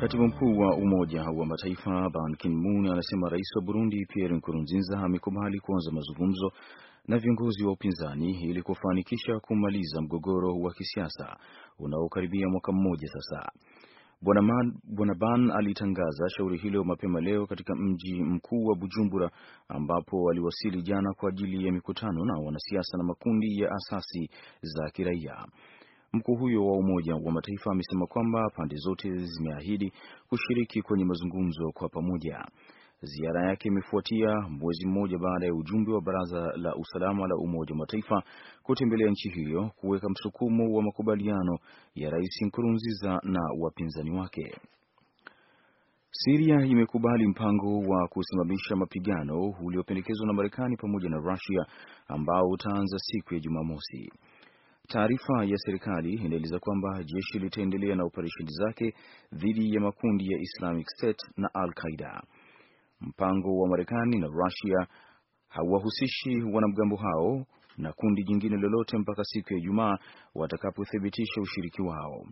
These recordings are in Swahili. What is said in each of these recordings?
Katibu mkuu wa Umoja wa Mataifa Ban Ki-moon anasema rais wa Burundi Pierre Nkurunziza amekubali kuanza mazungumzo na viongozi wa upinzani ili kufanikisha kumaliza mgogoro wa kisiasa unaokaribia mwaka mmoja sasa. Bwana Ban alitangaza shauri hilo mapema leo katika mji mkuu wa Bujumbura, ambapo aliwasili jana kwa ajili ya mikutano na wanasiasa na makundi ya asasi za kiraia. Mkuu huyo wa Umoja wa Mataifa amesema kwamba pande zote zimeahidi kushiriki kwenye mazungumzo kwa pamoja. Ziara yake imefuatia mwezi mmoja baada ya ujumbe wa Baraza la Usalama la Umoja wa Mataifa kutembelea nchi hiyo kuweka msukumo wa makubaliano ya Rais Nkurunziza na wapinzani wake. Siria imekubali mpango wa kusimamisha mapigano uliopendekezwa na Marekani pamoja na Rusia ambao utaanza siku ya Jumamosi. Taarifa ya serikali inaeleza kwamba jeshi litaendelea na operesheni zake dhidi ya makundi ya Islamic State na Al-Qaida. Mpango wa Marekani na Rusia hawahusishi wanamgambo hao na kundi jingine lolote mpaka siku ya Ijumaa watakapothibitisha ushiriki wao.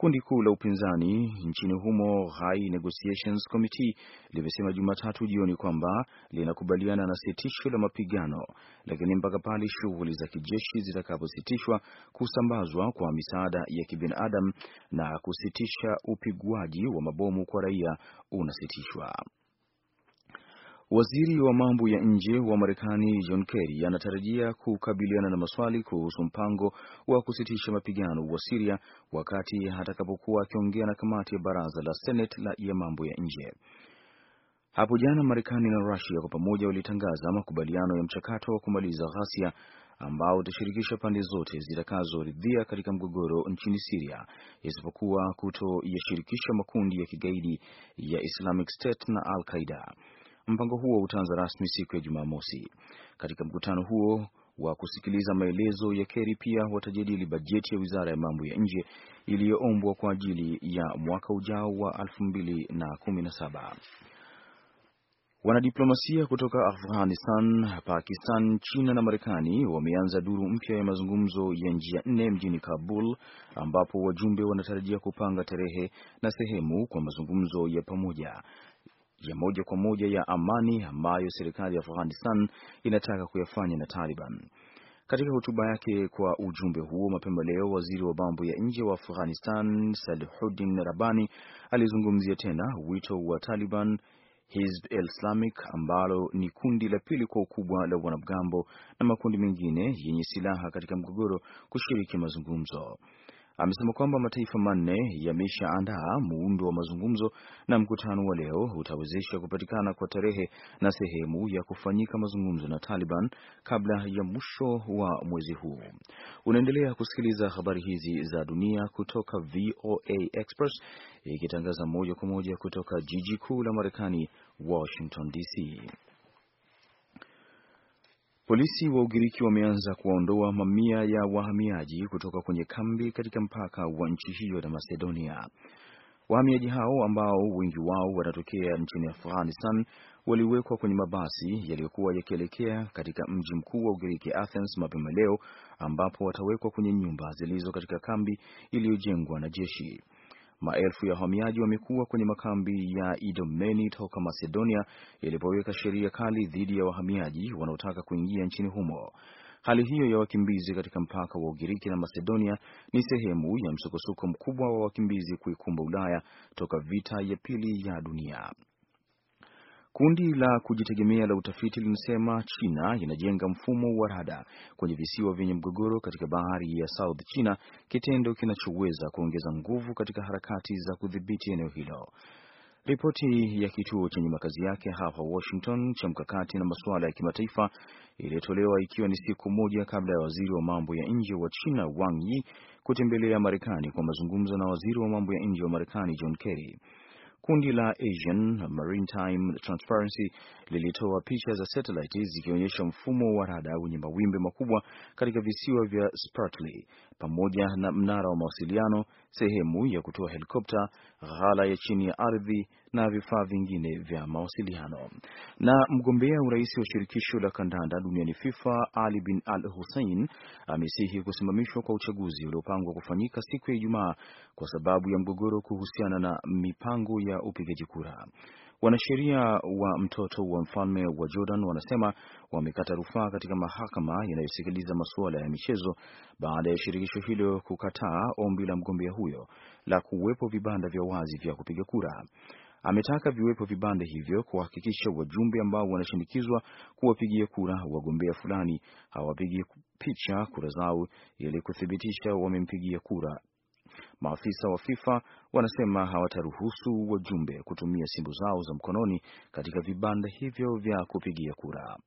Kundi kuu la upinzani nchini humo High Negotiations Committee limesema Jumatatu jioni kwamba linakubaliana na sitisho la mapigano, lakini mpaka pale shughuli za kijeshi zitakapositishwa, kusambazwa kwa misaada ya kibinadamu na kusitisha upigwaji wa mabomu kwa raia unasitishwa. Waziri wa mambo ya nje wa Marekani John Kerry anatarajia kukabiliana na maswali kuhusu mpango wa kusitisha mapigano wa Siria wakati atakapokuwa akiongea na kamati ya baraza la Senate la ya mambo ya nje. Hapo jana Marekani na Rusia kwa pamoja walitangaza makubaliano ya mchakato wa kumaliza ghasia ambao utashirikisha pande zote zitakazoridhia katika mgogoro nchini Siria isipokuwa kutoyashirikisha makundi ya kigaidi ya Islamic State na Al Qaida. Mpango huo utaanza rasmi siku ya Jumamosi. Katika mkutano huo wa kusikiliza maelezo ya Kerry pia watajadili bajeti ya wizara ya mambo ya nje iliyoombwa kwa ajili ya mwaka ujao wa 2017. Wanadiplomasia kutoka Afghanistan, Pakistan, China na Marekani wameanza duru mpya ya mazungumzo ya njia nne mjini Kabul ambapo wajumbe wanatarajia kupanga tarehe na sehemu kwa mazungumzo ya pamoja ya moja kwa moja ya amani ambayo serikali ya Afghanistan inataka kuyafanya na Taliban. Katika hotuba yake kwa ujumbe huo mapema leo, waziri wa mambo ya nje wa Afghanistan Salihuddin Rabani alizungumzia tena wito wa Taliban Hizb el islamic ambalo ni kundi la pili kwa ukubwa la wanamgambo na makundi mengine yenye silaha katika mgogoro kushiriki mazungumzo amesema kwamba mataifa manne yameshaandaa muundo wa mazungumzo na mkutano wa leo utawezesha kupatikana kwa tarehe na sehemu ya kufanyika mazungumzo na Taliban kabla ya mwisho wa mwezi huu. Unaendelea kusikiliza habari hizi za dunia kutoka VOA Express ikitangaza moja kwa moja kutoka jiji kuu la Marekani, Washington DC. Polisi wa Ugiriki wameanza kuwaondoa mamia ya wahamiaji kutoka kwenye kambi katika mpaka wa nchi hiyo na Macedonia. Wahamiaji hao ambao wengi wao wanatokea nchini Afghanistan waliwekwa kwenye mabasi yaliyokuwa yakielekea katika mji mkuu wa Ugiriki Athens mapema leo ambapo watawekwa kwenye nyumba zilizo katika kambi iliyojengwa na jeshi. Maelfu ya wahamiaji wamekuwa kwenye makambi ya Idomeni toka Macedonia ilipoweka sheria kali dhidi ya wahamiaji wanaotaka kuingia nchini humo. Hali hiyo ya wakimbizi katika mpaka wa Ugiriki na Macedonia ni sehemu ya msukosuko mkubwa wa wakimbizi kuikumba Ulaya toka vita ya pili ya dunia. Kundi la kujitegemea la utafiti linasema China inajenga mfumo wa rada kwenye visiwa vyenye mgogoro katika bahari ya South China, kitendo kinachoweza kuongeza nguvu katika harakati za kudhibiti eneo hilo. Ripoti ya kituo chenye makazi yake hapa Washington cha mkakati na masuala ya kimataifa iliyotolewa ikiwa ni siku moja kabla ya waziri wa mambo ya nje wa China Wang Yi kutembelea Marekani kwa mazungumzo na waziri wa mambo ya nje wa Marekani John Kerry. Kundi la Asian Maritime Transparency lilitoa picha za satellite zikionyesha mfumo wa rada wenye mawimbi makubwa katika visiwa vya Spratly pamoja na mnara wa mawasiliano, sehemu ya kutoa helikopta, ghala ya chini ya ardhi na vifaa vingine vya mawasiliano. Na mgombea urais wa shirikisho la kandanda duniani FIFA, Ali bin Al Hussein amesihi kusimamishwa kwa uchaguzi uliopangwa kufanyika siku ya Ijumaa kwa sababu ya mgogoro kuhusiana na mipango ya upigaji kura. Wanasheria wa mtoto wa mfalme wa Jordan wanasema wamekata rufaa katika mahakama inayosikiliza masuala ya michezo baada ya shirikisho hilo kukataa ombi la mgombea huyo la kuwepo vibanda vya wazi vya kupiga kura. Ametaka viwepo vibanda hivyo kuhakikisha wajumbe ambao wanashinikizwa kuwapigia kura wagombea fulani hawapigie picha kura zao ili kuthibitisha wamempigia kura. Maafisa wa FIFA wanasema hawataruhusu wajumbe kutumia simu zao za mkononi katika vibanda hivyo vya kupigia kura.